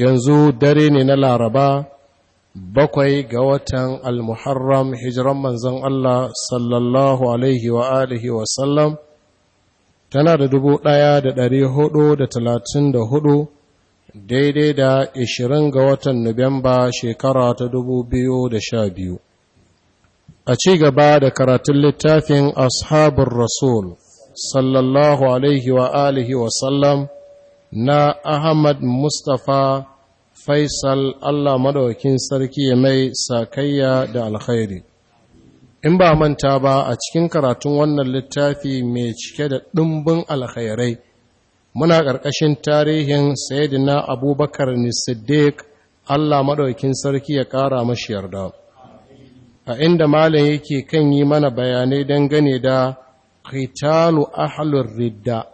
yanzu dare ne na laraba bakwai ga watan almuharram hijiran manzan Allah sallallahu alaihi wa alihi wa sallam tana da dubu ɗaya da dari hudu da talatin da hudu daidai da ishirin ga watan nuwamba shekara ta dubu biyu da sha biyu a ci gaba da karatun littafin ashabin rasul sallallahu alaihi wa alihi wa sallam na Ahmad Mustapha faisal allah madawakin sarki ya mai sakayya da alkhairi in ba manta ba a cikin karatun wannan littafi mai cike da ɗumbin alkhairai muna ƙarƙashin tarihin sayidina abubakar ni siddiq allah madawakin sarki ya ƙara mashi yarda a inda malam yake kan yi mana bayanai dangane da qitalu ahlur ridda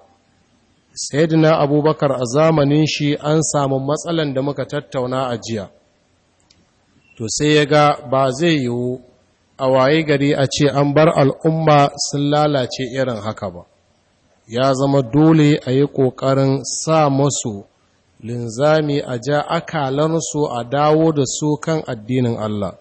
sayyidina abubakar a zamanin shi an samu matsalan da muka tattauna a jiya to sai ya ga ba zai yiwu a waye gari a ce an bar al'umma sun lalace irin haka ba ya zama dole a yi ƙoƙarin sa masu linzami a ja akalansu a dawo da su kan addinin Allah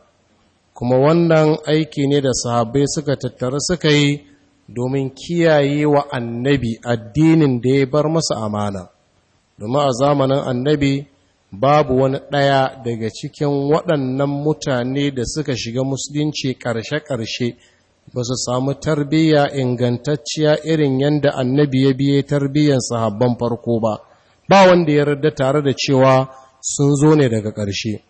kuma wannan aiki ne da sahabbai suka tattara suka yi domin kiyaye wa annabi addinin da ya bar masa amana domin a zamanin annabi babu wani ɗaya daga cikin waɗannan mutane da suka shiga musulunci ƙarshe-ƙarshe ba su samu tarbiyya ingantacciya irin yadda annabi ya biye tarbiyyar sahabban farko ba ba wanda ya rada tare da cewa sun zo ne daga ƙarshe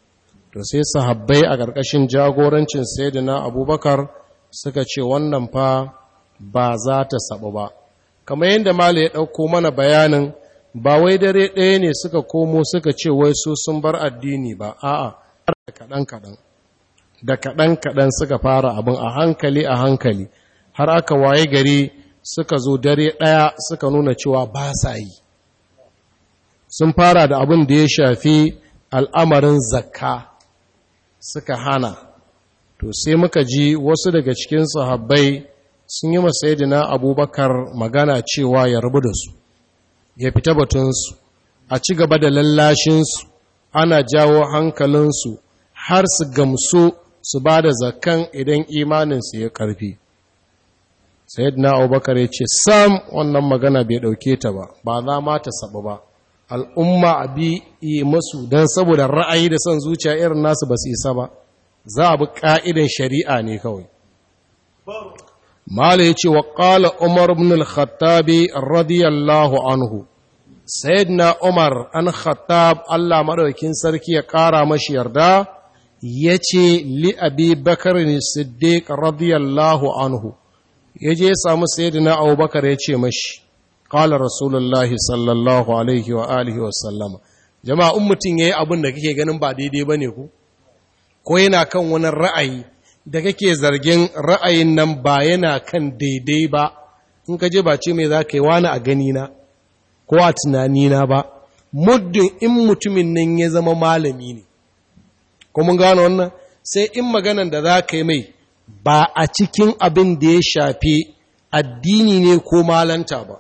to sai sahabbai a ƙarƙashin jagorancin sayyidina abubakar suka ce wannan fa ba za ta saba ba kamar yadda mala ya ɗauko mana bayanin ba wai dare ɗaya ne suka komo suka ce wai su sun bar addini ba a'a da kaɗan-kaɗan da kaɗan-kaɗan suka fara abin a hankali a hankali har aka waye gari suka zo dare ɗaya suka nuna cewa ba sa yi sun fara da abin da ya shafi al'amarin zakka suka hana to sai muka ji wasu daga cikin sahabbai sun yi na abubakar magana cewa ya rubu da su ya fita batunsu a ci gaba da lallashinsu ana jawo hankalinsu har su gamsu su ba da zakan idan imaninsu ya ƙarfi na abubakar ya ce sam wannan magana bai ɗauke ta ba ba za ma ta saba ba al'umma a bi yi masu don saboda ra'ayi da son zuciya irin nasu ba su isa ba za a bi ka'idan shari'a ne kawai mala ya ce wa umar ibn al-khattabi radiyallahu anhu sayyidina umar an khattab allah maɗaukin sarki ya ƙara mashi yarda ya ce li abi bakar ne siddiq radiyallahu anhu ya je ya samu sayyidina abubakar ya ce mashi ƙala rasulullahi sallallahu alaihi wa alihi wa sallama jama'a in mutum ya yi da kike ganin ba daidai ba ne ku ko yana kan wani ra'ayi da kake zargin ra'ayin nan ba yana kan daidai ba in ka je ba ce mai za ka yi wani a ganina ko a tunanina ba muddin in mutumin nan ya zama malami ne kuma gano wannan sai in maganan da za ka yi mai ba a cikin abin da ya shafi addini ne ko malanta ba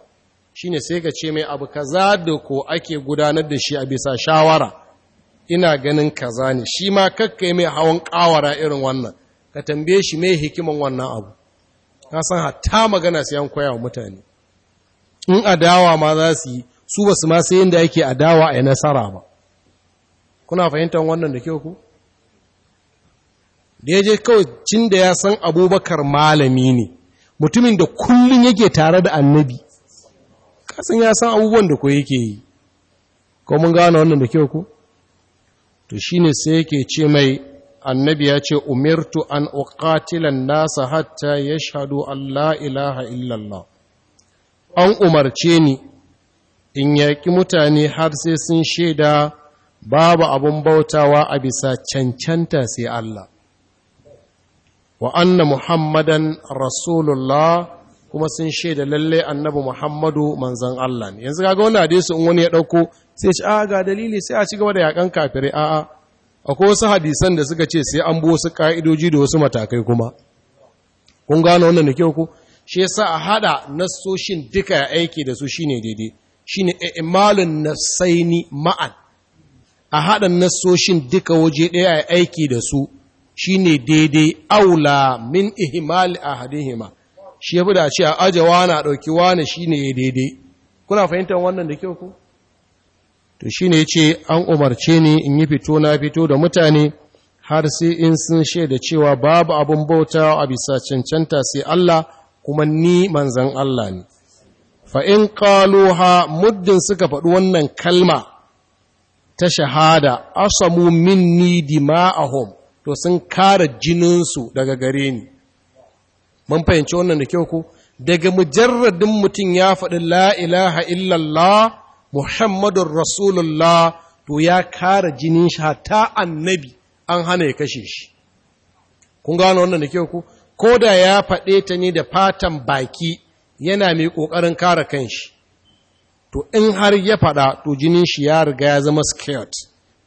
Shi ne sai ka ce mai abu kaza da ko ake gudanar da shi a bisa shawara ina ganin kaza ne shi ma yi mai hawan kawara irin wannan ka tambaye shi mai hikiman wannan abu ka san hatta magana sai an koya wa mutane in adawa ma za su yi su ba su ma sai yadda yake adawa a nasara ba kuna fahimtar wannan da kyau ku da ya je kawai cin da ya san abubakar malami ne mutumin da kullum yake tare da annabi kasan ya san abubuwan da ko yake yi ko mun gane wannan da kyau ku to shine sai yake ce mai annabi ya ce umirtu an uqatilan nasa hatta ya an Allah ilaha illallah an umarce ni in yaƙi mutane har sai sun shaida babu abin bautawa a bisa cancanta sai Allah wa anna muhammadan rasulullah kuma sun shaida lalle annabi muhammadu manzon Allah yanzu kaga wannan hadisi in wani ya dauko sai ya a ah, ga dalili sai a ci gaba da yakan kafirai a'a akwai wasu hadisan da suka ce sai an bi wasu ka'idoji da wasu matakai kuma kun gano wannan da kyau ku shi yasa a hada nasoshin duka aiki da su shine daidai shine i'malun nasaini ma'an a hada nasoshin duka waje daya aiki da su shine daidai aula min ihmal ahadihima shi fi da ce a aje na a wane shine daidai kuna fahimtar wannan da kyau ku to shi ne ce an umarce ni in yi fito na fito da mutane har sai in sun shaida cewa babu abin bauta a bisa cancanta sai Allah kuma ni manzan Allah ne fa'in ha muddin suka faɗi wannan kalma ta shahada asamu minni dima'ahum to sun kara jininsu daga gare ni mun fahimci wannan da kyau ku daga mujarradin mutum ya faɗi la ilaha illallah Muhammadun Rasulullah to ya kara jinin shi hatta annabi an hana ya kashe shi. Kun gano wannan da kyau ku? Ko da ya faɗe ta ne da fatan baki yana mai ƙoƙarin kare kanshi. To in har ya faɗa to jinin shi ya riga ya zama skirt,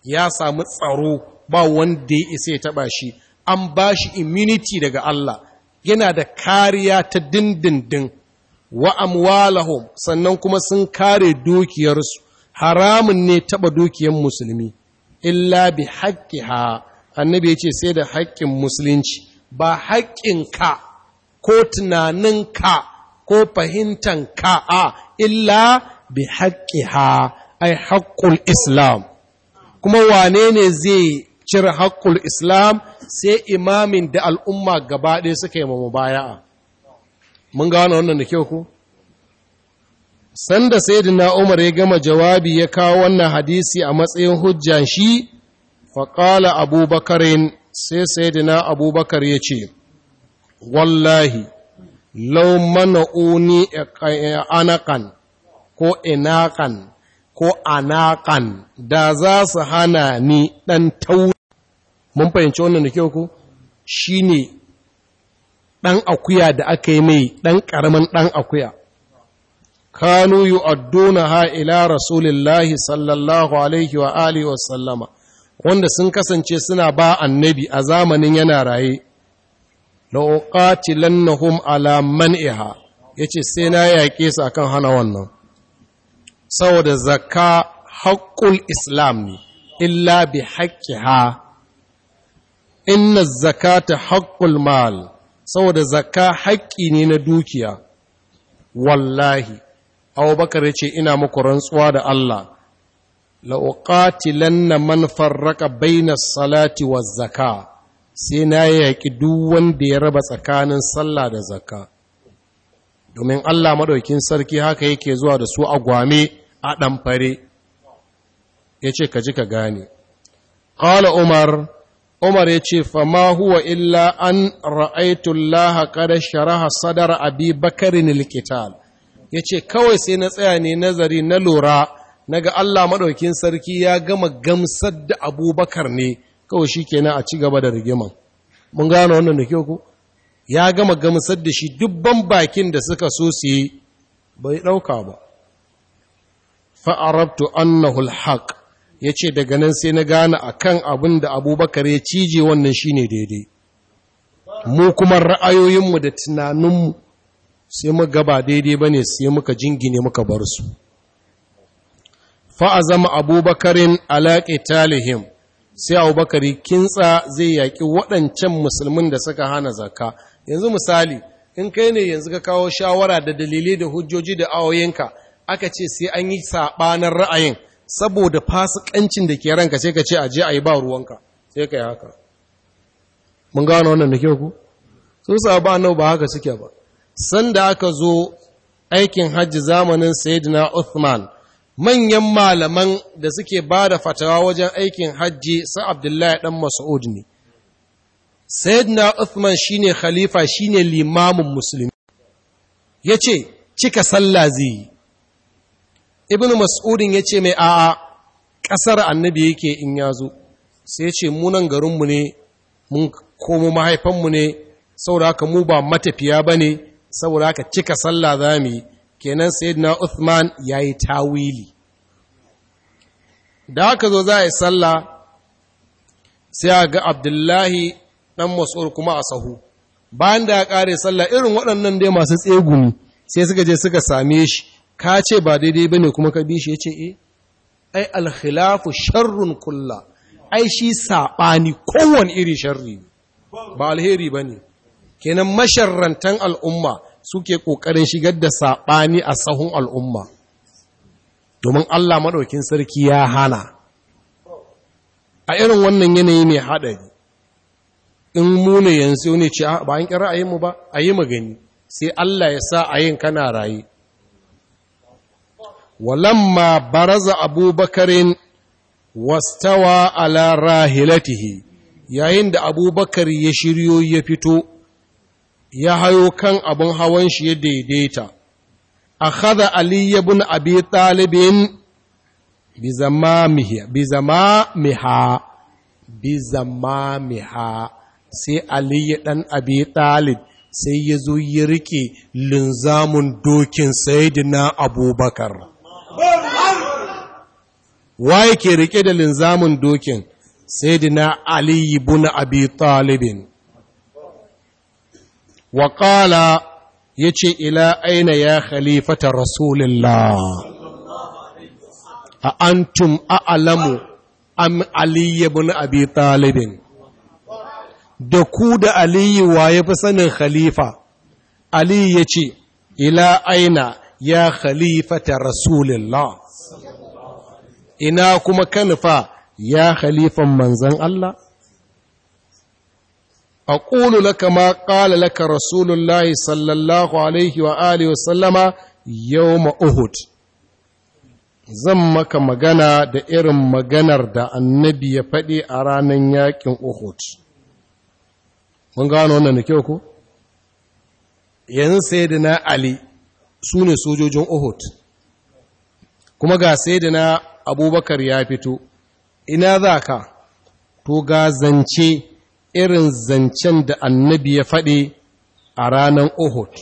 ya samu tsaro ba wanda ya isa ya taɓa shi, an ba shi immunity daga Allah, yana da kariya ta dindindin wa amwalahum sannan kuma sun kare dukiyarsu haramun ne taba dukiyar musulmi illa bi haqqiha annabi yace sai da haƙƙin musulunci ba ka ko tunanin ka ko ka a illa bi haqqiha ai haƙƙul islam kuma wane ne zai cire haƙƙul islam sai imamin da al'umma gaba ɗaya suka yi mamubaya'a mun gano wannan da kyau ko sanda sayyidina Umar ya gama jawabi ya kawo wannan hadisi a matsayin hujjan shi faƙala abubakarin sai sayyidina abubakar ya ce wallahi lau mana'uni anakan ko inakan ko anakan da za su hana ni ɗan tauri mun fahimci wannan da kyau ku shi ne ɗan akuya da aka yi mai ɗan ƙaramin ɗan akuya kanu yi adduna ha ila rasulillahi sallallahu alaihi wa alihi wa sallama wanda sun kasance suna ba annabi a zamanin yana raye la'uqatilannahum ala man'iha yace sai na yaƙe su kan hana wannan saboda zakka haƙƙul islam ne illa bi haqqiha inna zakata haƙƙul mal saboda zakka haƙƙi ne na dukiya wallahi abubakar ya ce ina muku rantsuwa da Allah la'uƙatilanna man farraka baina salati wa zakka sai na yaƙi duk wanda ya raba tsakanin sallah da zaka domin Allah maɗaukin sarki haka yake zuwa da su a gwame a ɗamfare ya ce ka ji ka gane ƙala umar Umar ya ce, Fama huwa illa an laha kada sharaha sadar abi bakarin likital. Ya ce, Kawai sai na tsaya ne nazari na lura, na ga Allah maɗaukin sarki ya gama gamsar da abubakar ne, kawai shi kenan a ci gaba da rigiman. Mun gano wannan da kyau ku? Ya gama gamsar da shi dubban bakin da suka so su yi, bai ɗauka ba. Fa'arabtu annahul haq ya ce daga nan sai na gane a kan abin da abubakar ya cije wannan shi ne daidai mu kuma ra'ayoyinmu da tunaninmu sai mu gaba daidai ba ne sai muka jingine muka bar su fa'azama abubakarin alaƙe talihim sai abubakari kintsa zai yaƙi waɗancan musulmin da suka hana zaka yanzu misali in kai ne yanzu ka kawo shawara da dalilai da hujjoji da awoyinka aka ce sai an yi saɓanin ra'ayin saboda fasikancin da ke ranka sai ka ce aje a yi ba ruwanka sai ka yi haka mun gano wannan da kyau ku su ba nau ba haka suke ba sanda aka zo aikin hajji zamanin sayyidina Uthman manyan malaman da suke ba da fatawa wajen aikin hajji sa Abdullahi dan Mas'ud ne sayyidina Uthman shine khalifa shine limamin musulmi yace cika sallah zai ibn mas'udin ya ce mai a'a ƙasar annabi yake in ya zo sai ya ce munan garinmu ne mun komo mahaifanmu ne saboda haka mu ba matafiya ba ne saboda haka cika sallah za mu yi kenan sayyidina uthman ya yi tawili da haka zo za a yi sallah sai a ga abdullahi ɗan mas'ud kuma a sahu bayan da ya ƙare sallah irin waɗannan dai masu tsegumi sai suka je suka same shi ka ce ba daidai ba ne kuma ka bi shi ya ce eh? ai alkhilafu sharrun kulla ai shi saɓani kowane iri sharri ba alheri ba ne kenan masharrantan al'umma suke ƙoƙarin shigar da saɓani a sahun al'umma domin Allah maɗaukin sarki ya hana a irin wannan yanayi mai haɗari in mune yanzu ne ce ah, ba an ƙi ra'ayinmu ba a yi magani sai Allah ya sa a yin kana raye walamma baraza abubakarin wastawa ala rahilatihi yayin da abubakar ya shiryo ya fito ya hayo kan abin hawan shi ya daidaita akhadha ali ibn abi talibin bi zamamiha sai ali ya dan abi talib sai ya zo ya riƙe linzamun dokin saidina abubakar waye ke riƙe da linzamin dokin sai sayyidina ali na abi talibin wa ya ce ila aina ya khalifata rasulillah a antum a'lamu am Aliyu bin abi talibin da ku da aliyu wa ya fi sanin khalifa Aliyu ya ce ila aina ya khalifata rasulillah ina kuma kanufa ya Khalifa manzan Allah A لك ما قال لك رسول الله صلى الله عليه وآله وسلم يوم أهد zan maka magana da irin maganar da annabi ya faɗi a ranar yaƙin Uhud. Mun gano wannan da kyau ku? Yanzu sai Ali su ne sojojin Uhud kuma ga sai da na abubakar ya fito ina za ka to ga zance irin zancen da annabi ya faɗi a ranar Uhud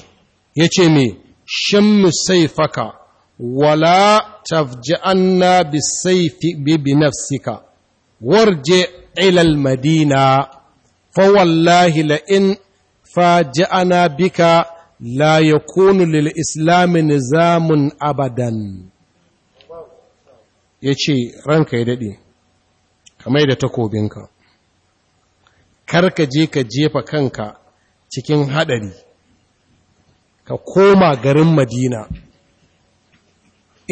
ya ce me shammu saifaka wala an bisaifi bi nafsika warje ilal madina fa wallahi faji'ana bika la yakunu lil islami nizamun abadan yace ranka ya dade kamar da takobinka karka je ka jefa kanka cikin haɗari ka koma garin madina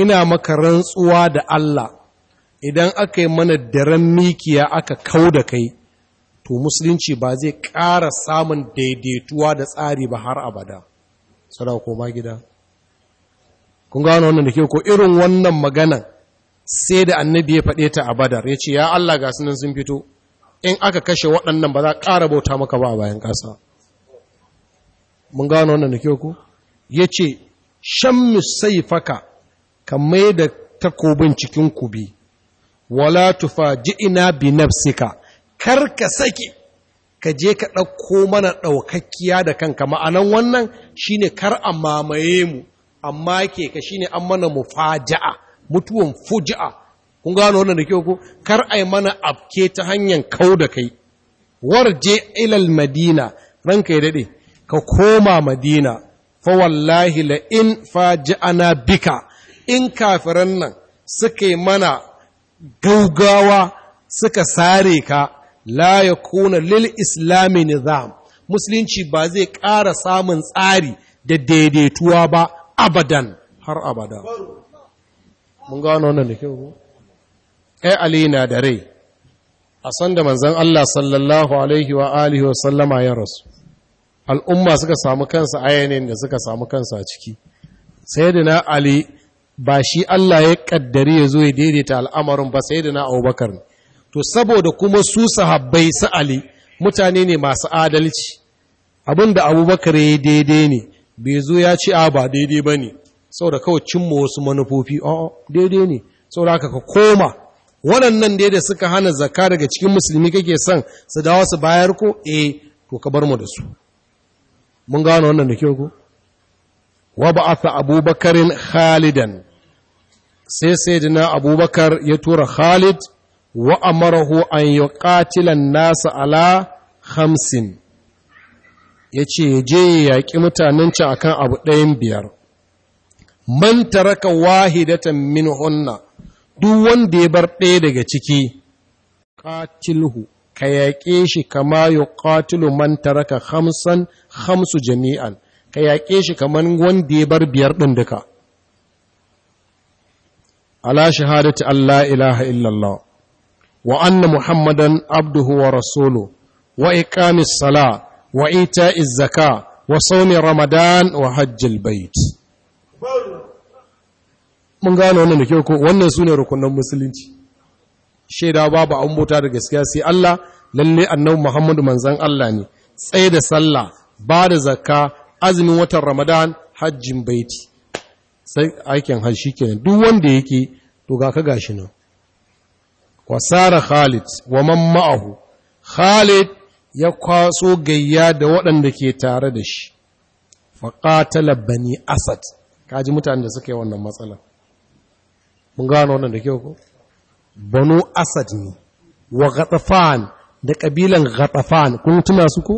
ina maka rantsuwa da Allah idan aka yi mana daren mikiya aka kau da kai to musulunci ba zai ƙara samun daidaituwa da tsari ba har abada tsara gida kun gano wannan da ke ko irin wannan magana sai da annabi ya faɗe ta a badar ya ce ya Allah ga sunan sun fito in aka kashe waɗannan ba za a ƙara bauta maka ba a bayan ƙasa mun gano wannan da ke ko ya ce shan faka ka mai da takobin cikin kubi wala tufa ji ina bi nafsika kar ka saki ka je ka ɗauko mana ɗaukakkiya da kanka ma'anan wannan shine kar a mamaye mu amma ke ka shine an mana mu faja'a mutuwan fuja'a kun gano wannan da kyau ko kar yi mana afke ta hanyar kau da kai warje ilal madina ranka ya daɗe ka koma madina fa wallahi la in faji'ana bika in kafiran nan suka yi mana gaugawa suka sare ka la ya kuna lil islami nizam musulunci ba zai ƙara samun tsari da daidaituwa ba abadan har abada mun gano wannan da kyau ai ali na da rai a san da manzon Allah sallallahu alaihi wa alihi wa sallama ya rasu al'umma suka samu kansa ayyanin da suka samu kansa a ciki sayyidina ali ba shi Allah ya kaddari ya zo ya daidaita al'amarin ba sayyidina abubakar ne to saboda kuma su sahabbai su ali mutane ne masu adalci abinda abubakar ya daidai ne bai zo ya ci a ba daidai ba ne saboda kawai cimma wasu manufofi a'a daidai ne saboda da koma waɗannan dai da suka hana zaka daga cikin musulmi kake son su dawo su bayar ko eh to ka bar mu da su mun gano wannan da kyau ko wa ba'atha abubakarin khalidan sai sayyidina abubakar ya tura khalid wa amarahu an yuqatilan nasa ala hamsin yace je ya yaƙi mutanen can kan abu ɗayan biyar man taraka wahidatan minhunna duk wanda ya bar ɗaya daga ciki qatilhu ka yaƙe shi kama yuqatilu man taraka hamsan hamsu jami'an ka yaƙe shi kamar wanda ya bar biyar ɗin duka ala shahadatu Allah ilaha illallah wa anna muhammadan abduhu wa rasulu wa iqamis sala wa ita'iz zaka wa sawmi ramadan wa hajjil bait mun gano wannan da kyau ko wannan sune rukunan musulunci shaida babu an bota da gaskiya sai Allah lalle annabi Muhammadu manzon Allah ne tsaye da sallah ba da zakka azumin watan Ramadan hajjin baiti sai aikin hajji kenan duk wanda yake to ga ka gashi nan wa sara Khalid wa man ma'ahu Khalid ya kwaso gayya da waɗanda ke tare da shi fa qatala bani Asad kaji mutanen da suka yi wannan matsalar mun gano wannan da kyau ko banu Asad ne wa Ghatafan da kabilan Ghatafan kun tuna su ko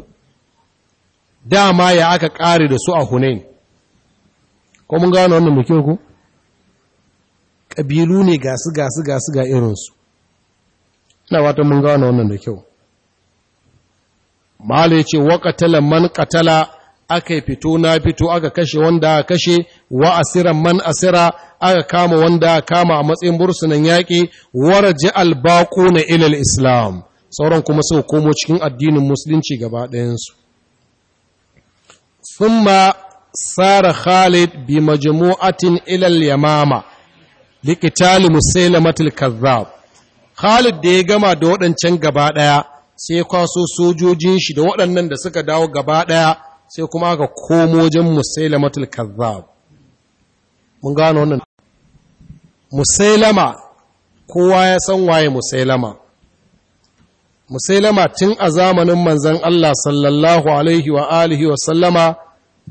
dama ya aka kare da su a Hunain ko mun gano wannan da kyau ko kabilu ne gasu gasu gasu ga irinsu ina wata mun gano wannan da kyau malai ce wa qatala man ƙatala aka fito na fito aka kashe wanda aka kashe wa asira man asira aka kama wanda aka kama a matsayin bursunan yaƙi ji albaƙo na ilil islam sauran kuma sau komo cikin addinin musulunci gaba ɗayansu summa sara khalid bi majmu'atin ilal yamama likitali musailamatil kazzab Khalid da ya gama da waɗancan gaba ɗaya sai kwaso sojojin shi da waɗannan da suka dawo gaba ɗaya sai kuma aka komo wajen musailamatul kazzab mun gano wannan musailama kowa ya san waye musailama musailama tun a zamanin manzan Allah sallallahu alaihi wa alihi wa sallama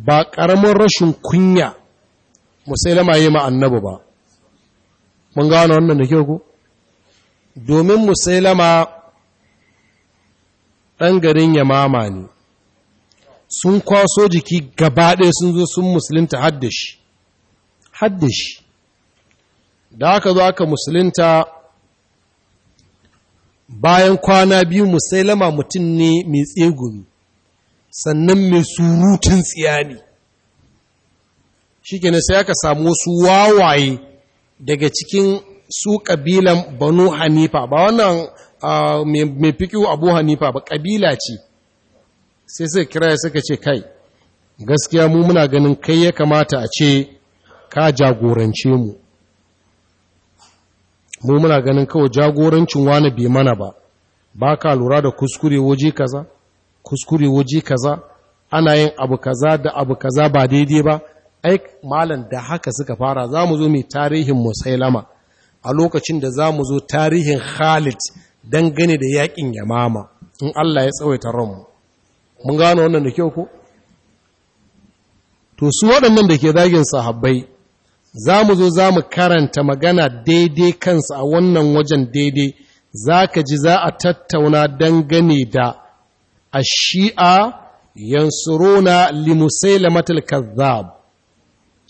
ba ƙaramin rashin kunya musailama yi ma ba mun gano wannan da kyau ku domin musailama ɗan garin yamama ne sun kwaso jiki gaba ɗaya sun zo sun musulunta haddashi haddashi da aka zo aka musulunta bayan kwana biyu musailama mutum ne mai tsegumi sannan mai surutun tsiyani shi sai aka samu wasu wawaye daga cikin su ƙabilan banu hanifa ba wannan mai fikiyu abu hanifa ba ƙabila ce sai sai kira ya suka ce kai gaskiya mu muna ganin kai ya kamata a ce ka jagorance mu mu muna ganin kawai jagorancin wani bai mana ba ba ka lura da kuskure waje kaza kuskure waje kaza ana yin abu kaza da abu kaza ba daidai ba Aik malam da haka suka fara za mu zo mai tarihin musailama a lokacin da za mu zo tarihin Khalid don dangane da yaƙin Yamama in Allah ya tsawaita ranmu mun gano wannan da kyau ko to su waɗannan da ke zagin sahabbai za mu zo za mu karanta magana daidai kansa a wannan wajen daidai za ka ji za a tattauna don dangane da a shi'a yansurona limusailamatul kazzab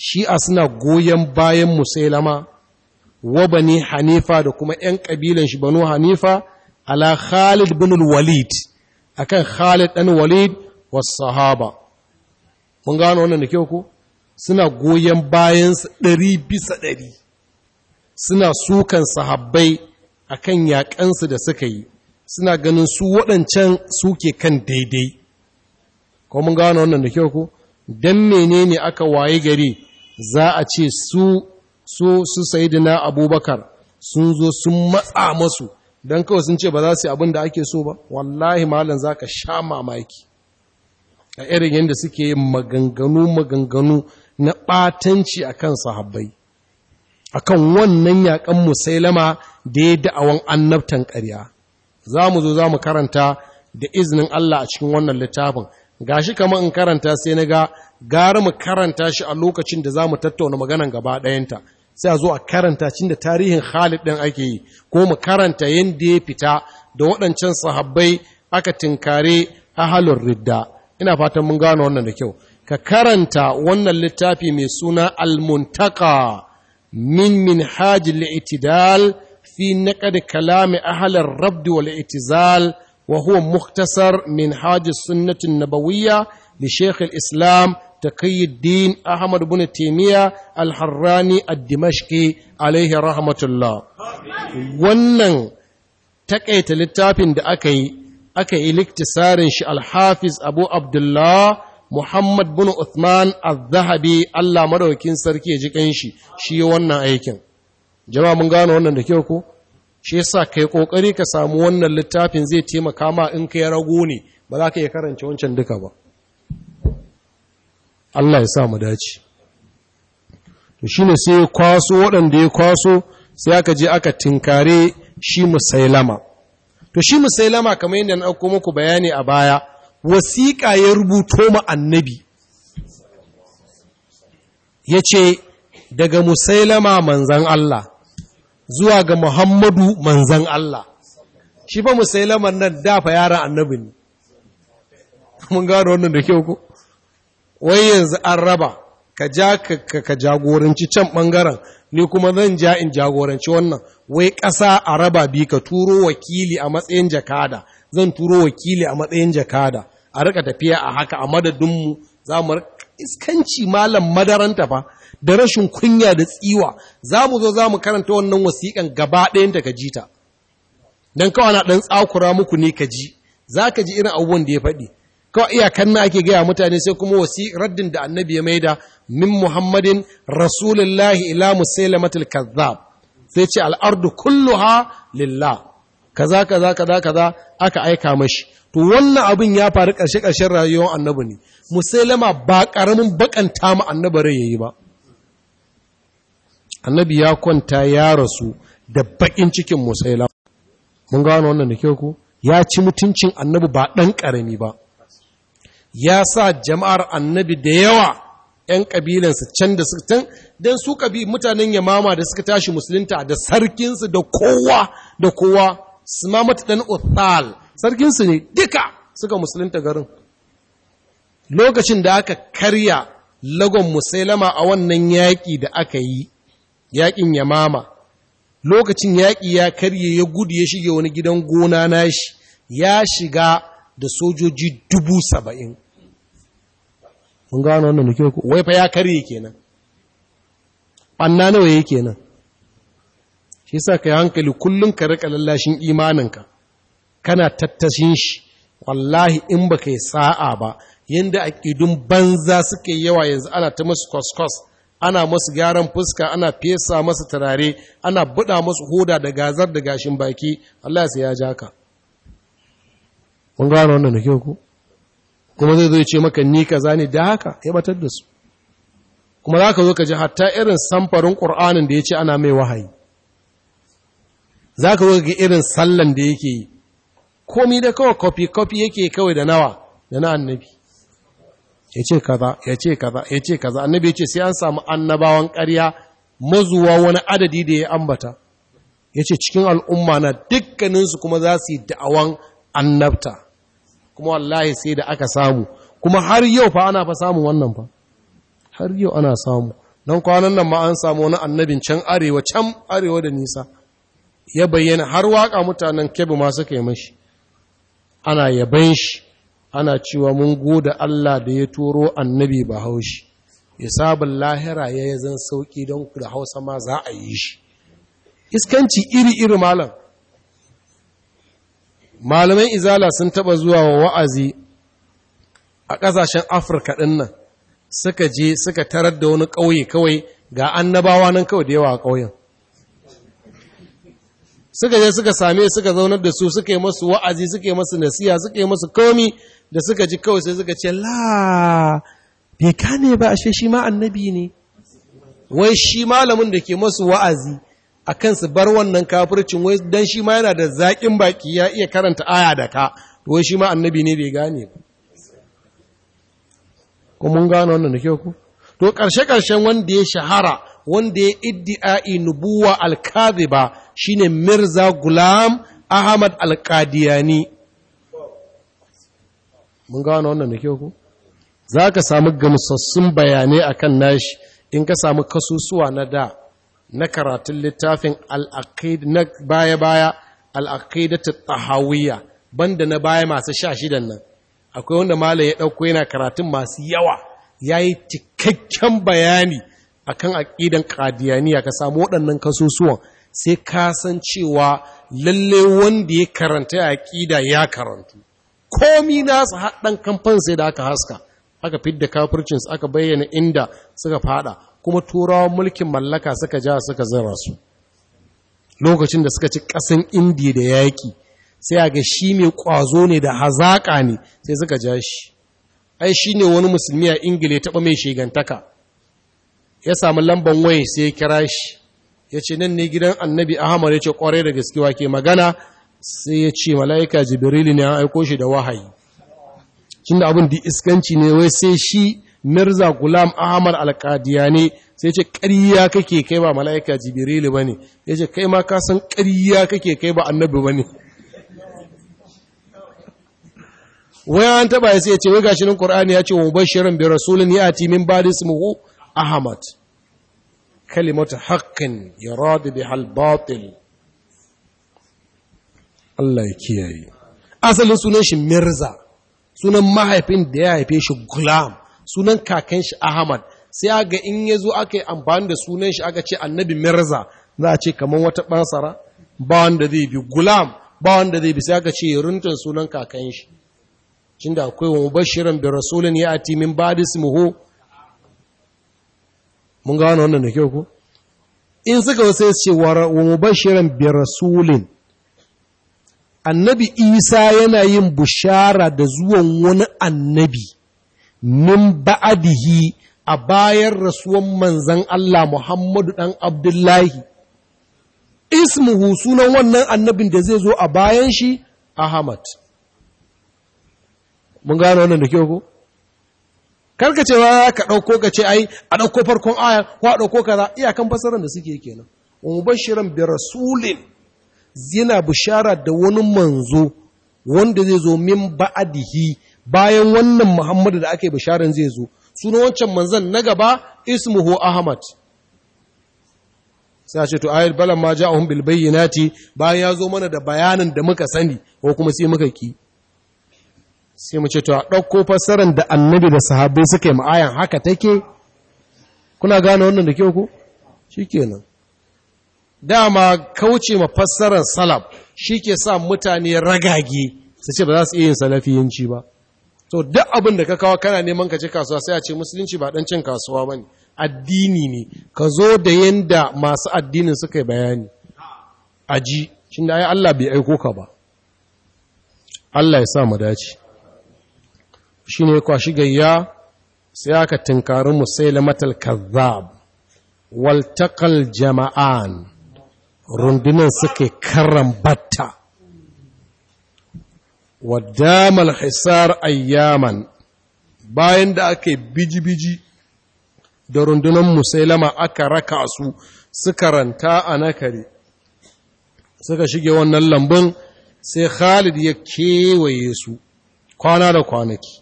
shi'a suna goyon bayan musailama wa bani hanifa da kuma ‘yan ƙabilan shi banu hanifa ala Khalid bin Walid akan Khalid ɗan Walid wa sahaba. Mun gano wannan da kyau ku? Suna goyon bayansu ɗari bisa ɗari, suna sukan sahabbai a kan yaƙansu da suka yi, suna ganin su waɗancan suke kan daidai. Ko mun gano wannan da kyau ku? Don menene aka waye gari za a ce su su su na abubakar sun zo sun matsa masu don kawai sun ce ba za su yi abin da ake so ba wallahi malam za ka sha mamaki a irin yadda suke yin maganganu maganganu na ɓatanci a kan sahabbai a kan wannan yaƙan musailama da ya da'awan annabtan ƙarya za mu zo za mu karanta da izinin Allah a cikin wannan littafin gashi kamar in karanta sai na ga gara mu karanta shi a lokacin da za mu tattauna maganan gaba ɗayanta sai a zo a karanta cin da tarihin Khalid ɗin ake yi ko mu karanta yadda ya fita da waɗancan sahabbai aka tinkare ahalur ridda ina fatan mun gano wannan da kyau ka karanta wannan littafi mai suna al-muntaka min minhaj al fi naqd kalam ahalar rabd wal i'tizal wa huwa mukhtasar minhaj as-sunnah nabawiyya li shaykh islam din ahmad bin taymiya al-harrani ad-dimashqi alaihi rahmatullah wannan taƙaita littafin da aka yi aka yi liktisarin shi al-hafiz abu abdullah muhammad bin uthman al zahabi Allah maɗaukin sarki ya ji kanshi shi wannan aikin jama'a mun gano wannan da kyau ko shi yasa kai kokari ka samu wannan littafin zai taimaka ma in kai rago ne ba za ka iya karanta wancan duka ba Allah ya sa mu dace to shi ne sai ya kwaso waɗanda ya kwaso sai aka je aka tinkare shi musailama to shi musailama kamar yadda na ɗauko muku bayani a baya wasiƙa ya rubuto ma annabi ya ce daga musailama manzan Allah zuwa ga Muhammadu manzan Allah shi fa musailaman nan dafa yaran annabi ne mun gano wannan da kyau ko wai yanzu an raba ka ja ka jagoranci can ɓangaren ni kuma zan ja in jagoranci wannan wai ƙasa a raba bi ka turo wakili a matsayin jakada zan turo wakili a matsayin jakada a rika tafiya a haka a madadinmu za mu iskanci malam madaranta fa da rashin kunya da tsiwa za mu zo za mu karanta wannan wasiƙan gaba ɗayanta ka ji ta don kawana ɗan tsakura muku ne ka ji za ka ji irin abubuwan da ya faɗi kawai iyakan na ake gaya mutane sai kuma wasi raddin da annabi ya maida min muhammadin rasulullahi ila musailamatul kazzab sai ce al'ardu kulluha lillah kaza kaza kaza kaza aka aika mashi to wannan abin ya faru karshe karshen rayuwar annabi ne musailama ba ƙaramin bakanta ma annabi rai yayi ba annabi ya kwanta ya rasu da bakin cikin musailama mun gano wannan da kyau ku ya ci mutuncin annabi ba ɗan ƙarami ba ya sa jama'ar annabi da yawa ‘yan ƙabilansu can da su can don su ƙabi mutanen yamama da suka tashi musulunta da sarkinsu da kowa da kowa su ma mataɗan othal sarkinsu ne duka suka musulunta garin lokacin da aka karya lagon musailama a wannan yaƙi da aka yi yaƙin yamama lokacin yaƙi ya karye ya gudu ya shige wani gidan gona nashi ya shiga da sojoji dubu saba'in mun gano wannan nuke ku wai fa ya karye kenan banna nawa yake kenan shi yasa kai hankali kullun ka rika lallashin imaninka kana tattashin shi wallahi in baka yi sa'a ba yanda aqidun banza suke yawa yanzu ana ta musu kwaskwas ana masu gyaran fuska ana fesa masu turare ana buɗa masu hoda da gazar da gashin baki Allah sai ya ja ka mun gano wannan nuke ku kuma zai zo ce maka ni kaza ne da haka ya batar da su kuma za ka zo ka ji hatta irin samfarin ƙur'anin da ya ce ana mai wahayi za ka zo ga irin sallan da yake yi komi da kawai kofi-kofi yake kawai da nawa da na annabi ya ce kaza ya ce kaza ya ce kaza annabi ya ce sai an samu annabawan ƙarya mazuwa wani adadi da ya ambata ya ce cikin al'umma na dukkaninsu kuma za su yi da'awan annabta kuma wallahi sai da aka samu kuma har yau fa ana fa samun wannan fa har yau ana samu don kwanan nan ma an samu wani annabin can arewa can arewa da nisa ya bayyana har waka mutanen kebe ma suka yi mashi ana yaban shi ana cewa mun goda Allah da ya turo annabi ba haushi sabon lahira ya yi zan sauki don ku da hausa ma za a yi shi iskanci iri-iri malam Malamai izala sun taɓa zuwa wa wa'azi a ƙasashen afirka ɗin nan suka je suka tarar da wani ƙauye kawai ga annabawa nan kawai da yawa a ƙauyen suka je suka same suka zaunar da su suka yi masu wa'azi suka yi masu nasiya suka yi masu komi da suka ji kawai sai suka ce la bai kame ba ashe shi ma annabi ne wai shi malamin da ke masu wa'azi a kan bar wannan kafircin wai don shi ma yana da zaƙin baƙi, ya iya karanta aya da ka wai shi ma annabi ne bai gane ba ko mun gano wannan da kyau ku to ƙarshe ƙarshen wanda ya shahara wanda ya iddi'ai nubuwa al shi shine Mirza Gulam Ahmad al mun gano wannan da kyau ku zaka samu gamsassun bayanai a kan nashi in ka samu kasusuwa na da na karatun littafin al'aqid na baya-baya al'aqidatu tahawiyya banda na baya masu sha shidan nan akwai wanda malam ya ɗauko yana karatun masu yawa ya yi cikakken bayani akan aƙidan ƙadiyaniya, ka samu waɗannan kasusuwan sai ka san cewa lalle wanda ya karanta aƙida ya karantu komi nasu haɗan kamfan sai da aka haska aka fidda kafircinsu aka bayyana inda suka fada kuma turawan mulkin mallaka suka ja suka zira su lokacin da suka ci ƙasan indiya da yaƙi sai a ga shi mai ƙwazo ne da hazaƙa ne sai suka ja shi ai shi ne wani musulmi a ingila ya taɓa mai shigantaka ya sami lamban waye sai ya kira shi ya ce nan ne gidan annabi ahmad ya ce ƙwarai da gaskewa ke magana sai ya ce mala'ika jibrilu ne an aiko shi da wahayi cin da abin da iskanci ne wai sai shi mirza gulam ahmad alkadiyani sai ce ƙarya kake kai ba mala'ika jibrilu bane ya ce kai ma ka san kake kai ba annabi bane waya an taba ya sai ya ce wai gashi nan qur'ani ya ce wa bashirin bi rasulin yati min ba'di ismihi ahmad kalimatu haqqin yurad biha al-batil Allah ya kiyaye asalin sunan shi mirza sunan mahaifin da ya haife shi gulam sunan kakan shi Ahmad sai aga in ya zo aka yi amfani da sunan shi aka ce annabi Mirza za a ce kamar wata ɓansara ba wanda zai bi gulam ba wanda zai bi sai aka ce runtun sunan kakan shi shin da akwai wa bashirin bi rasulun ya ati min ba ba'di ismihi mun gano wannan da kyau ko in suka wasu ce wa mubashirin bi rasulin annabi Isa yana yin bushara da zuwan wani annabi min ba'adihi a bayan rasuwan manzan Allah Muhammadu ɗan Abdullahi, ismuhu sunan wannan annabin da zai zo a bayan shi Ahmad. Mun gano wannan da kyau ko? ba ka ɗauko ka ce ai, a ɗauko farkon aya, ko a ɗauko ka kaza iyakan fasarar da suke kenan. Wa mubashiran bi rasulin yana bishara da wani manzo wanda zai zo min ba'adihi bayan wannan Muhammadu da ake bisharin zai zo suna wancan manzan na gaba ismuhu Ahmad sai ce to ayat balan ma ja'ahum bil bayyinati bayan ya zo mana da bayanin da muka sani ko kuma sai muka ki sai mu ce to a ɗauko fassarar da annabi da sahabbai suka yi ma'ayan haka take kuna gane wannan da kyau ko nan. dama kauce ma fassarar shi ke sa mutane ragage su ce ba za su iya yin salafiyanci ba to duk abin da ka kawo kana neman ka ci kasuwa sai a ce musulunci ba dan cin kasuwa ba ne addini ne ka zo da yanda masu addinin suka yi bayani aji shi da Allah bai aiko ka ba Allah ya sa mu dace shi ne kwashi gayya sai aka tinkari musailamatal kazzab waltakal jama'an rundunan suke karambata batta wadamal hisar ayyaman bayan da aka biji-biji da rundunan musailama aka raka su suka ranta a nakari suka shige wannan lambun sai khalid ya kewaye su kwana da kwanaki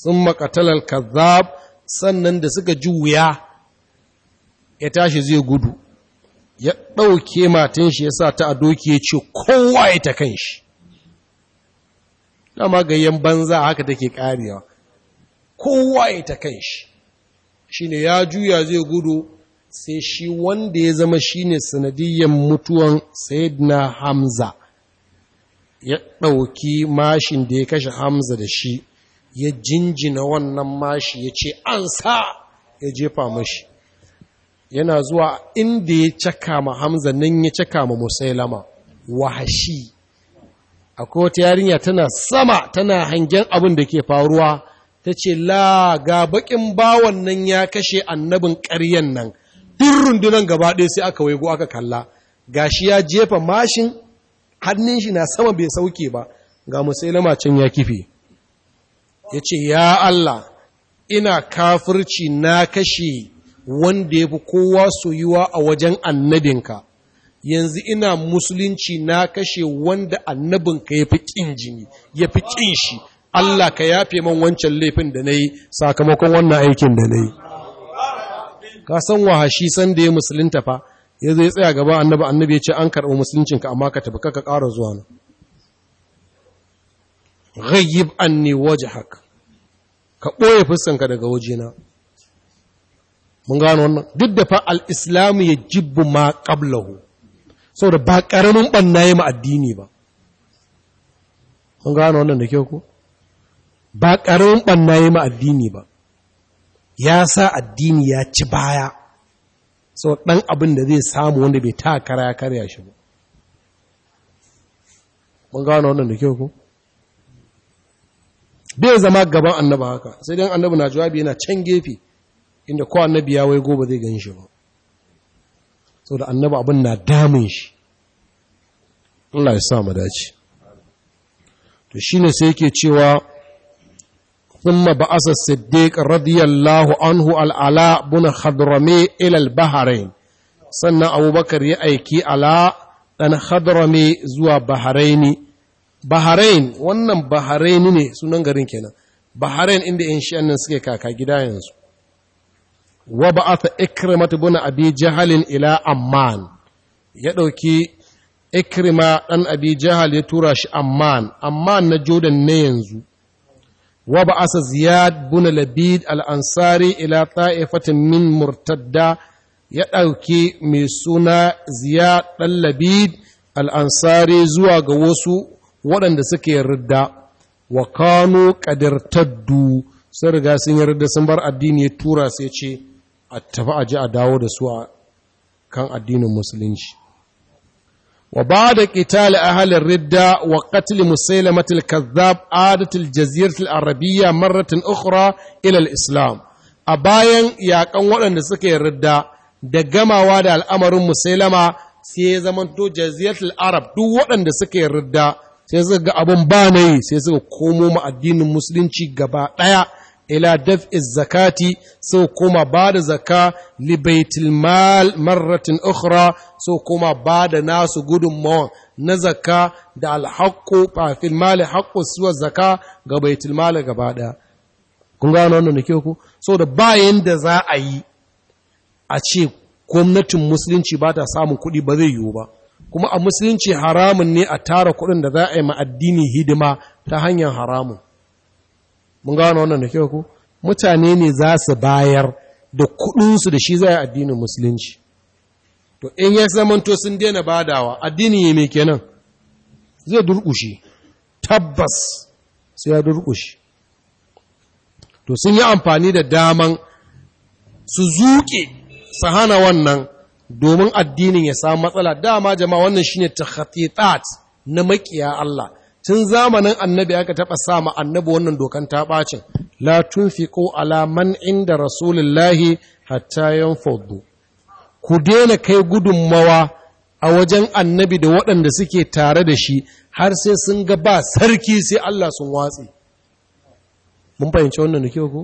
sun makatalar kazzab sannan da suka ji wuya ya tashi zai gudu ya ɗauke matanshi shi ya sa ta a doki ya ce kowa ya ta kan shi dama gayyan banza haka take karewa kowa ya ta kan shi ne ya juya zai gudu sai shi wanda ya zama shine sanadiyyan mutuwan sayyidina hamza ya ɗauki mashin da ya kashe hamza da shi ya jinjina wannan mashi ya ce an sa ya jefa mashi yana zuwa inda ya caka ma hamza nan ya caka ma musailama wahashi akwai wata yarinya tana sama tana hangen abin da ke faruwa ta ce la ga bakin bawan nan ya kashe annabin ƙaryen nan duk rundunan gaba ɗaya sai aka waigo aka kalla Ga shi ya jefa mashin hannun shi na sama bai sauke ba ga musailama can ya kife ya ce ya Allah ina kafirci na kashe wanda ya fi kowa soyuwa a wajen annabinka yanzu ina musulunci na kashe wanda annabinka ya fi ƙin jini ya fi ƙin shi Allah ka yafe man wancan laifin da na yi sakamakon wannan aikin da na yi ka san wahashi san da ya musulunta fa ya zai tsaya gaba annabi annabi ya ce an karɓi musuluncinka amma ka tafi kaka ƙara zuwa nan ghayyib anni wajhak ka ɓoye fuskanka daga wajena mun gano wannan duk da fa al-islamu yajibu ma qablahu saboda ba ƙaramin ɓanna ya ma addini ba mun gano wannan da kyau ko ba ƙaramin ɓanna ya ma addini ba ya sa addini ya ci baya sau ɗan abin da zai samu wanda bai ta kara ya karya shi ba mun gano wannan da kyau ko bai zama gaban annaba haka sai dan annabi na jawabi yana can gefe inda ko annabi ya wai gobe zai gan shi ba sau da annaba abin na damun shi Allah ya sa madaci To shi ne sai yake cewa ba ba'asa siddiq radiyallahu anhu al-ala bin hadrami ila al-bahrain sannan abubakar ya aiki ala dan hadrami zuwa bahraini bahrain wannan bahraini ne sunan garin kenan bahrain inda yan shi annan suke kaka gida yanzu wa ta ikrimat ibn abi jahalin ila amman ya ɗauki ikrima ɗan abi jahal ya tura shi amman amman na jodan ne yanzu wa ba'asa ziyad ibn labid al ila ta'ifatin min murtadda ya ɗauki mai suna ziyad ɗan labid al'ansari zuwa ga wasu waɗanda suke yarda wa kano ƙadirtaddu sun riga sun yi sun bar addini ya tura sai ce a tafi a ji a dawo da su a kan addinin musulunci wa ba da ƙitali a halin ridda wa ƙatili musailamatul kazzab adatul jaziratul arabiya marratin ukhra ilal islam a bayan yaƙan waɗanda suka yi ridda da gamawa da al'amarin musailama sai ya zamanto jaziratul arab duk waɗanda suka yi ridda sai suka ga abin ba na yi sai suka komo ma addinin musulunci gaba ɗaya ila daf'i zakati so kuma ba da zaka li baitul mal marratin ukhra so kuma ba da nasu gudunmawa na zaka da alhaqqu fa fil mal haqqu suwa zaka ga baitul mal gaba kun gano wannan nake ku so da bayan da za a yi a ce gwamnatin musulunci ba ta samun kuɗi ba zai yiwu ba kuma a musulunci haramun ne a tara kuɗin da za a yi ma addini hidima ta hanyar haramun mun gano wannan da kyau ku mutane ne za su bayar da kuɗinsu da shi za yi addinin musulunci to in ya zamanto sun daina badawa addini mai kenan zai durƙushi tabbas sai ya durƙushi to sun yi amfani da daman su zuƙe su hana wannan domin addinin ya samu matsala dama jama'a wannan shine takhatitat na makiya Allah tun zamanin annabi aka taɓa sama annabi wannan dokan ta ɓacin la tunfiqo ala man inda rasulullahi hatta yanfudu ku daina kai gudunmawa a wajen annabi da waɗanda suke tare da shi har sai sun ga ba sarki sai Allah sun watsi mun fahimci wannan da ko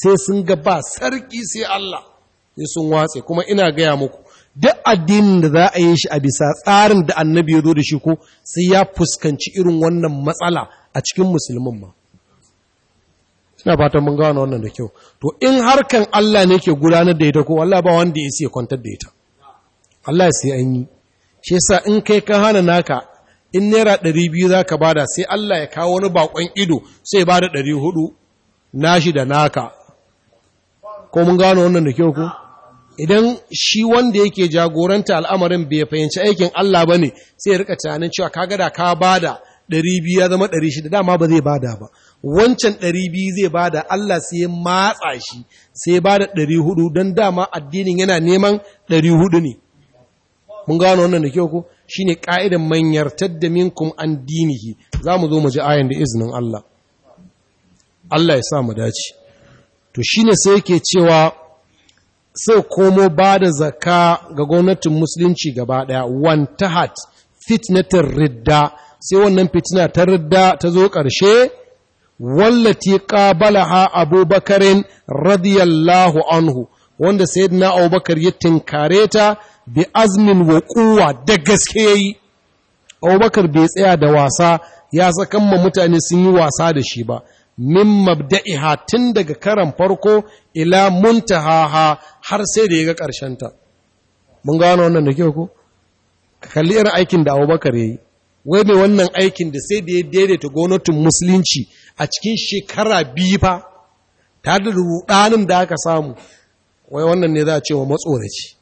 sai sun ga ba sarki sai Allah sai sun watsi kuma ina gaya muku duk addinin da za a yi shi a bisa tsarin da annabi ya zo da shi ko sai ya fuskanci irin wannan matsala a cikin musulmin ma ina fatan mun gano wannan da kyau to in harkan Allah ne ke gudanar da ita ko Allah ba wanda ya siya kwantar da ita Allah sai an yi shi yasa in kai ka hana naka in naira ɗari biyu za ka bada sai Allah ya kawo wani bakon ido sai ba da ɗari hudu nashi da naka ko mun gano wannan da kyau ko idan shi wanda yake jagoranta al'amarin bai fahimci aikin Allah ba ne sai ya rika tunanin cewa kaga da ka bada ɗari biyu ya zama ɗari shida dama ba zai bada ba wancan ɗari biyu zai bada Allah sai ya matsa shi sai ya bada ɗari hudu don dama addinin yana neman ɗari hudu ne mun gano wannan da kyau ko ne ka'idan manyar tadda minkum an dinihi za mu zo mu ji ayan da izinin Allah Allah ya sa mu dace to shine sai yake cewa sai komo ba da zakka ga gwamnatin musulunci gaba ɗaya wantahat fitnatar ridda sai wannan fitina ta ridda ta zo ƙarshe wallati ha abubakarin radiyallahu anhu wanda na abubakar ya tinkare ta bi azmin wa kuwa da gaske ya yi. abubakar bai tsaya da wasa ya sakan mutane sun yi wasa da shi ba min mabda'iha tun daga karan farko ila muntahaha har sai da ya ga ta. mun gano wannan da kyau ko kalli irin aikin da abubakar ya yi wai mai wannan aikin da sai da ya daidaita gwamnatin musulunci a cikin shekara biyu fa ta da rudanin da aka samu wai wannan ne za a ce wa matsoraci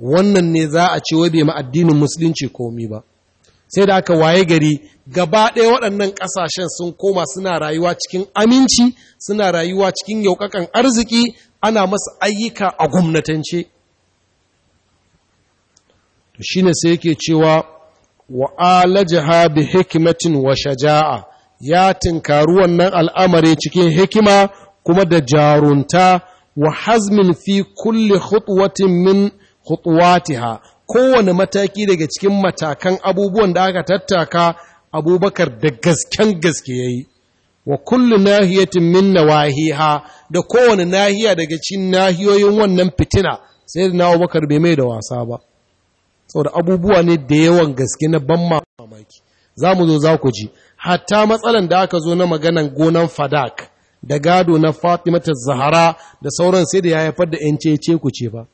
wannan ne za a ce wai bai ma addinin musulunci komi ba sai da aka waye gari gaba ɗaya waɗannan ƙasashen sun koma suna rayuwa cikin aminci suna rayuwa cikin yaukakan arziki ana masa ayyuka a gwamnatance to shine sai yake cewa wa jiha bi hikimatin wa shaja'a ya tinkaru wannan al'amari cikin hikima kuma da jarunta wa hazmin fi kulli khutwatin min khutwatiha kowane mataki daga cikin matakan abubuwan da aka tattaka abubakar da gasken gaske ya yi wa kullu nahiyatin min nawahiha da kowane nahiya daga cikin nahiyoyin wannan fitina sai da bakar bai mai da wasa ba saboda abubuwa ne da yawan gaske na ban mamaki za mu zo za ku ji hatta matsalan da aka zo na maganan gonan fadak da gado na fatimata zahara da sauran sai da ya haifar da 'yance ce ku ce ba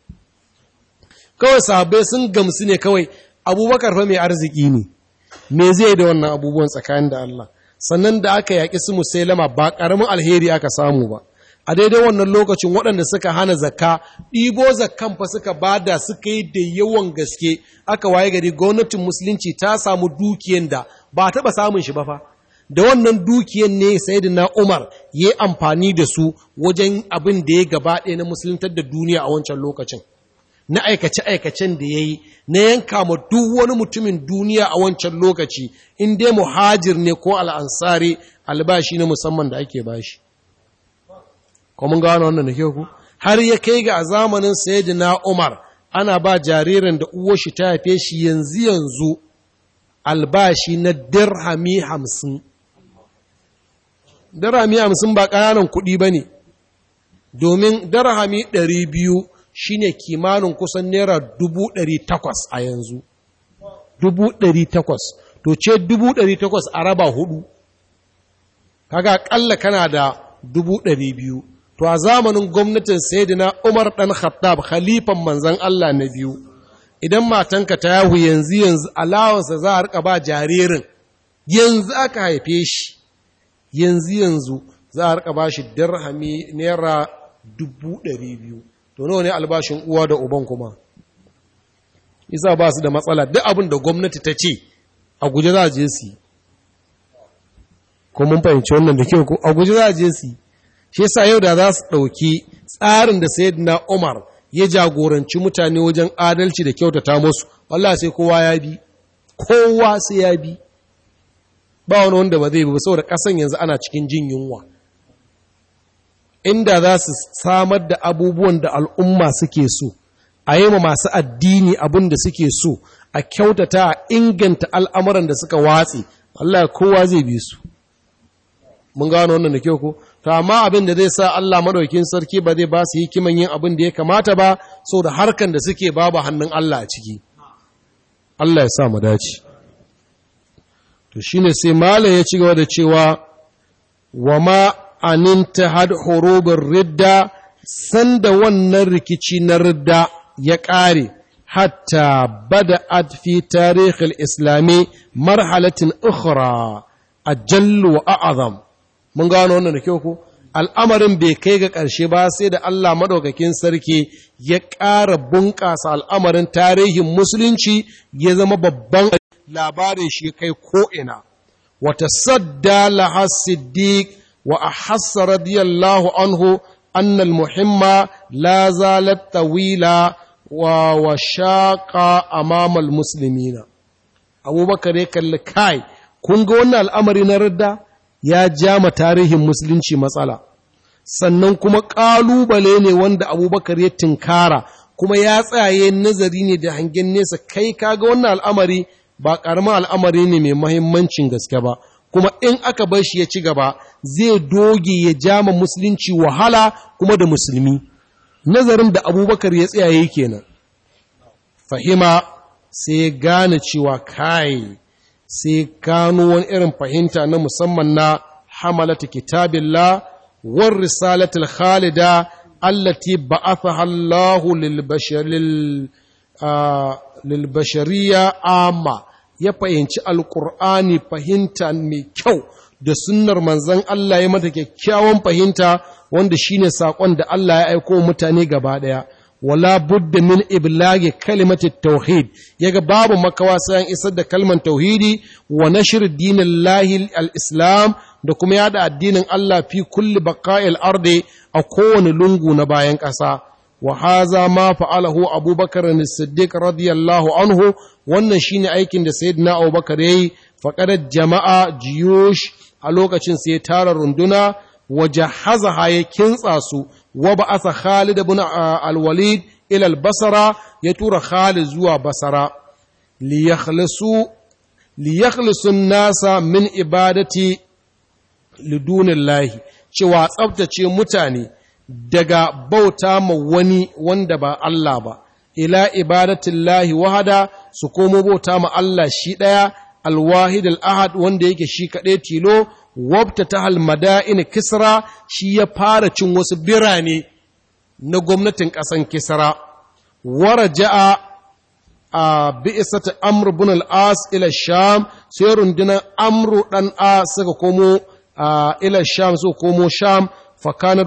kawai sahabbai sun gamsu ne kawai abubakar fa mai arziki ne me zai da wannan abubuwan tsakanin da Allah sannan da aka yaƙi su musailama ba ƙaramin alheri aka samu ba a daidai wannan lokacin waɗanda suka hana zakka ɗibo zakkan fa suka bada suka yi da yawan gaske aka waye gari gwamnatin musulunci ta samu dukiyan da ba taɓa samun shi ba fa da wannan dukiyan ne sai da na Umar ya yi amfani da su wajen abin da ya gaba ɗaya na musuluntar da duniya a wancan lokacin na aikace-aikacen da ya yi na yanka ma duk wani mutumin duniya a wancan lokaci in dai muhajir ne ko al'ansari albashi na musamman da ake bashi kuma gano wannan da ku har ya kai ga a zamanin na umar ana ba jaririn da uwar shi ta haife shi yanzu yanzu albashi na dirhami hamsin dirhami hamsin ba ƙananan kuɗi ba ne domin dirhami ɗari biyu Shi ne kimanin kusan naira dubu ɗari takwas a yanzu dubu ɗari takwas to ce dubu ɗari takwas a raba hudu kaga ƙalla kana da dubu ɗari biyu to a zamanin gwamnatin saidina umar ɗan khattab khalifan manzan allah na biyu idan ka ta yahu yanzu yanzu alawansa za a rika ba jaririn yanzu aka haife shi yanzu yanzu za a rika ba shi dirhami naira dubu ɗari biyu to nawa ne albashin uwa da uban kuma isa ba su da matsala duk abin da gwamnati ta ce a guje za a je su ko fahimci wannan da kyau a guje za a je su shi yasa yau da za su ɗauki tsarin da na Umar ya jagoranci mutane wajen adalci da kyautata musu wallah sai kowa ya bi kowa sai ya bi ba wani wanda ba zai bi saboda kasan yanzu ana cikin jin yunwa inda za su samar da abubuwan da al'umma suke so a yi ma masu addini abin da suke so a kyautata a inganta al'amuran da suka watsi Allah kowa zai bi su mun gano wannan da kyau ko to amma abin da zai sa Allah madaukin sarki ba zai ba su yi kiman yin abin da ya kamata ba so da harkan da suke babu hannun Allah a ciki Allah ya sa mu dace to shi ne sai Malam ya ci gaba da cewa wa ma aninta had horobin ridda sanda wannan rikici na ridda ya ƙare hatta bada'at fi tarihil islami marhalatin ukhra ajallu wa a'azam mun gano wannan da kyau ko al'amarin bai kai ga ƙarshe ba sai da Allah madaukakin sarki ya ƙara bunƙasa al'amarin tarihin musulunci ya zama babban labarin shi kai ko'ina wata sadda lahas siddiq wa ahassa radiyallahu anhu أن المهمة tawila wa طويلة amamal musulmina. Abubakar ya kalli ka كاي kun ga wannan al'amari na radda ya ja ma tarihin musulunci matsala sannan kuma ƙalubale ne wanda abubakar ya tinkara kuma ya tsaye nazari ne da hangen nesa kai kaga wannan al'amari ba ƙaramin al'amari ne mai mahimmancin gaske ba kuma in aka bar shi ya ci gaba zai doge ya jama musulunci wahala kuma da musulmi nazarin da abubakar ya tsayaye kenan fahima sai ya gane cewa kai sai gano wani irin fahimta na musamman na hamalata kitabillah war risalatul khalida allati ba'athaha Allahu lil basharil lil ah, bashariyya amma ya fahimci alkur'ani fahimta mai kyau da sunnar manzan Allah ya mata kyakkyawan fahimta wanda shine saƙon da Allah ya aiko mutane gaba ɗaya. wala budda min iblagi kalimati tauhid yaga babu makawa sai isar da kalman tauhidi wa nashr dinin lahil al-islam da kuma yada addinin Allah fi kulli baqa'il ardi a kowane lungu na bayan ƙasa Wahaza haza ma fa'alahu abubakar as-siddiq radiyallahu anhu wannan shine aikin da sayyidina abubakar yayi faqadat jama'a jiyush a lokacin sai tara runduna wa jahazaha ya kintsa su wa ba'atha Khalid ibn al-Walid ila al-Basra ya tura Khalid zuwa Basra li yakhlasu li yakhlasu nasa min ibadati lidunillahi cewa tsabtace mutane daga bauta ma wani wanda ba Allah ba, ila ibadatillahi wahada su komo bauta ma Allah shi ɗaya, alwahid al'ahad wanda yake shi kaɗai tilo, wabta ta halmada ina kisra shi ya fara cin wasu birane na gwamnatin ƙasan kisra. Wara ja'a a bi'isata Amru, bin al'as ila Sham, sai rundunar Amru ɗan a suka komo ila Sham suka komo Sham, fakanar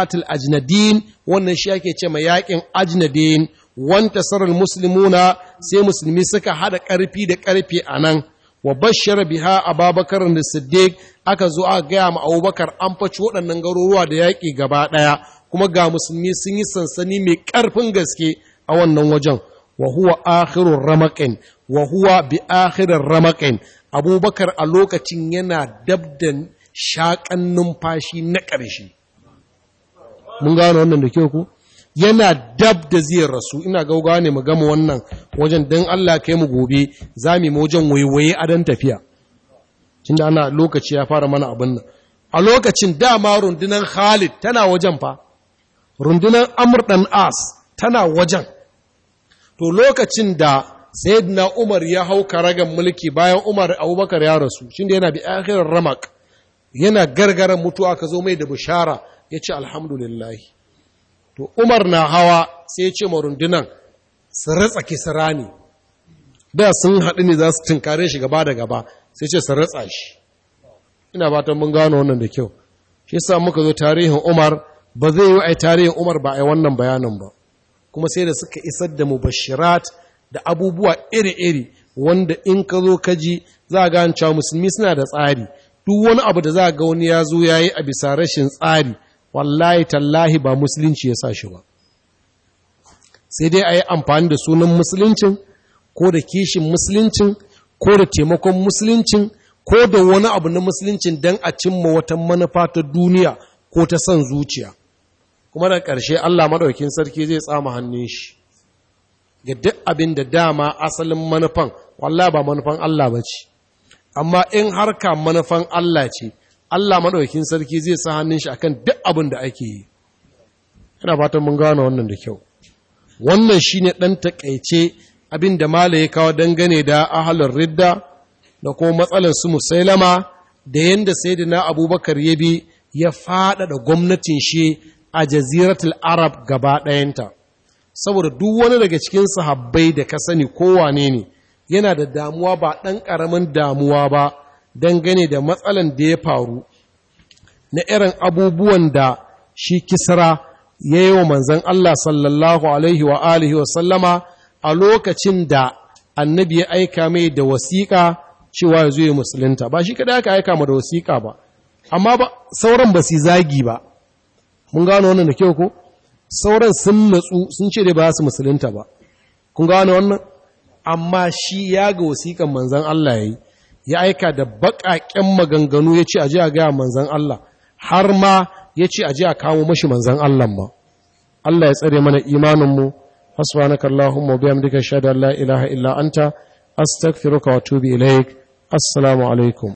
atal ajnadin wannan shi ake ce ma yaƙin ajnadin wanta sarar muslimuna sai musulmi suka hada ƙarfi da ƙarfi a nan wa bashar biha ababakar da siddiq aka zo aka gaya ma abubakar an faci waɗannan garuruwa da yaƙi gaba ɗaya kuma ga musulmi sun yi sansani mai ƙarfin gaske a wannan wajen wa huwa akhirur ramaqin wa huwa bi ramaqin abubakar a lokacin yana dabdan shaƙan numfashi na ƙarshe mun gano wannan da kyau ku yana dab da zai rasu ina gaugawa ne mu gama wannan wajen don Allah kai mu gobe za mu wajen waiwaye a dan tafiya tun ana lokaci ya fara mana abin nan a lokacin dama rundunar Khalid tana wajen fa rundunar Amr As tana wajen to lokacin da Sayyidina Umar ya hau karagan mulki bayan Umar Abubakar ya rasu da yana bi akhirar ramak yana gargaran mutuwa ka zo mai da bishara ya ce alhamdulillahi to umar na hawa sai ya ce ma rundunan su ratsa kisira ne da sun haɗu ne za su tunkare shi gaba da gaba sai ce su ratsa shi ina fatan mun gano wannan da kyau shi sa muka zo tarihin umar ba zai yi ai tarihin umar ba ai wannan bayanin ba kuma sai da suka isar da mu bashirat da abubuwa iri-iri wanda in ka zo ka ji za a gane cewa musulmi suna da tsari duk wani abu da za ga wani ya zo ya yi a bisa rashin tsari wallahi tallahi ba musulunci ya sa shi ba sai dai a yi amfani da sunan musuluncin ko da kishin musuluncin ko da taimakon musuluncin ko da wani abu na musuluncin don a cimma wata manufa ta duniya ko ta son zuciya kuma da ƙarshe allah maɗaukin sarki zai tsama hannun shi ga duk abin da dama asalin manufan wallah ba manufan allah ba ce amma in harka manufan Allah ce Allah maɗaukin sarki zai sa hannun shi akan duk abin da ake yi ina fatan mun gano wannan da kyau wannan shi ne ɗan taƙaice abin da mala ya kawo dangane da ahalar ridda da kuma matsalar su musailama da yadda na abubakar ya bi ya faɗaɗa gwamnatin shi a jaziratul arab gaba ɗayanta saboda duk wani daga cikin sahabbai da ka sani kowane ne yana da damuwa ba ɗan ƙaramin damuwa ba dangane da matsalan da ya faru na irin abubuwan da shi kisra ya yi wa manzan Allah sallallahu alaihi wa alihi wa sallama a lokacin da annabi ya aika mai da wasiƙa cewa ya zuwa musulunta ba shi kada aka aika ma da wasiƙa ba amma ba sauran ba su zagi ba mun gano wannan da kyau ko sauran sun natsu sun ce dai ba su musulunta ba kun gano wannan amma shi ya ga wasiƙan manzan Allah ya yi ya aika da baƙaƙen maganganu ya ce a ji a gaya manzan Allah har ma ya ce a ji a kawo mashi manzan Allah ba Allah ya tsare mana imaninmu hasbanaka Allahumma bihamdika shada la ilaha illa anta astaghfiruka wa tubi ilaik assalamu alaikum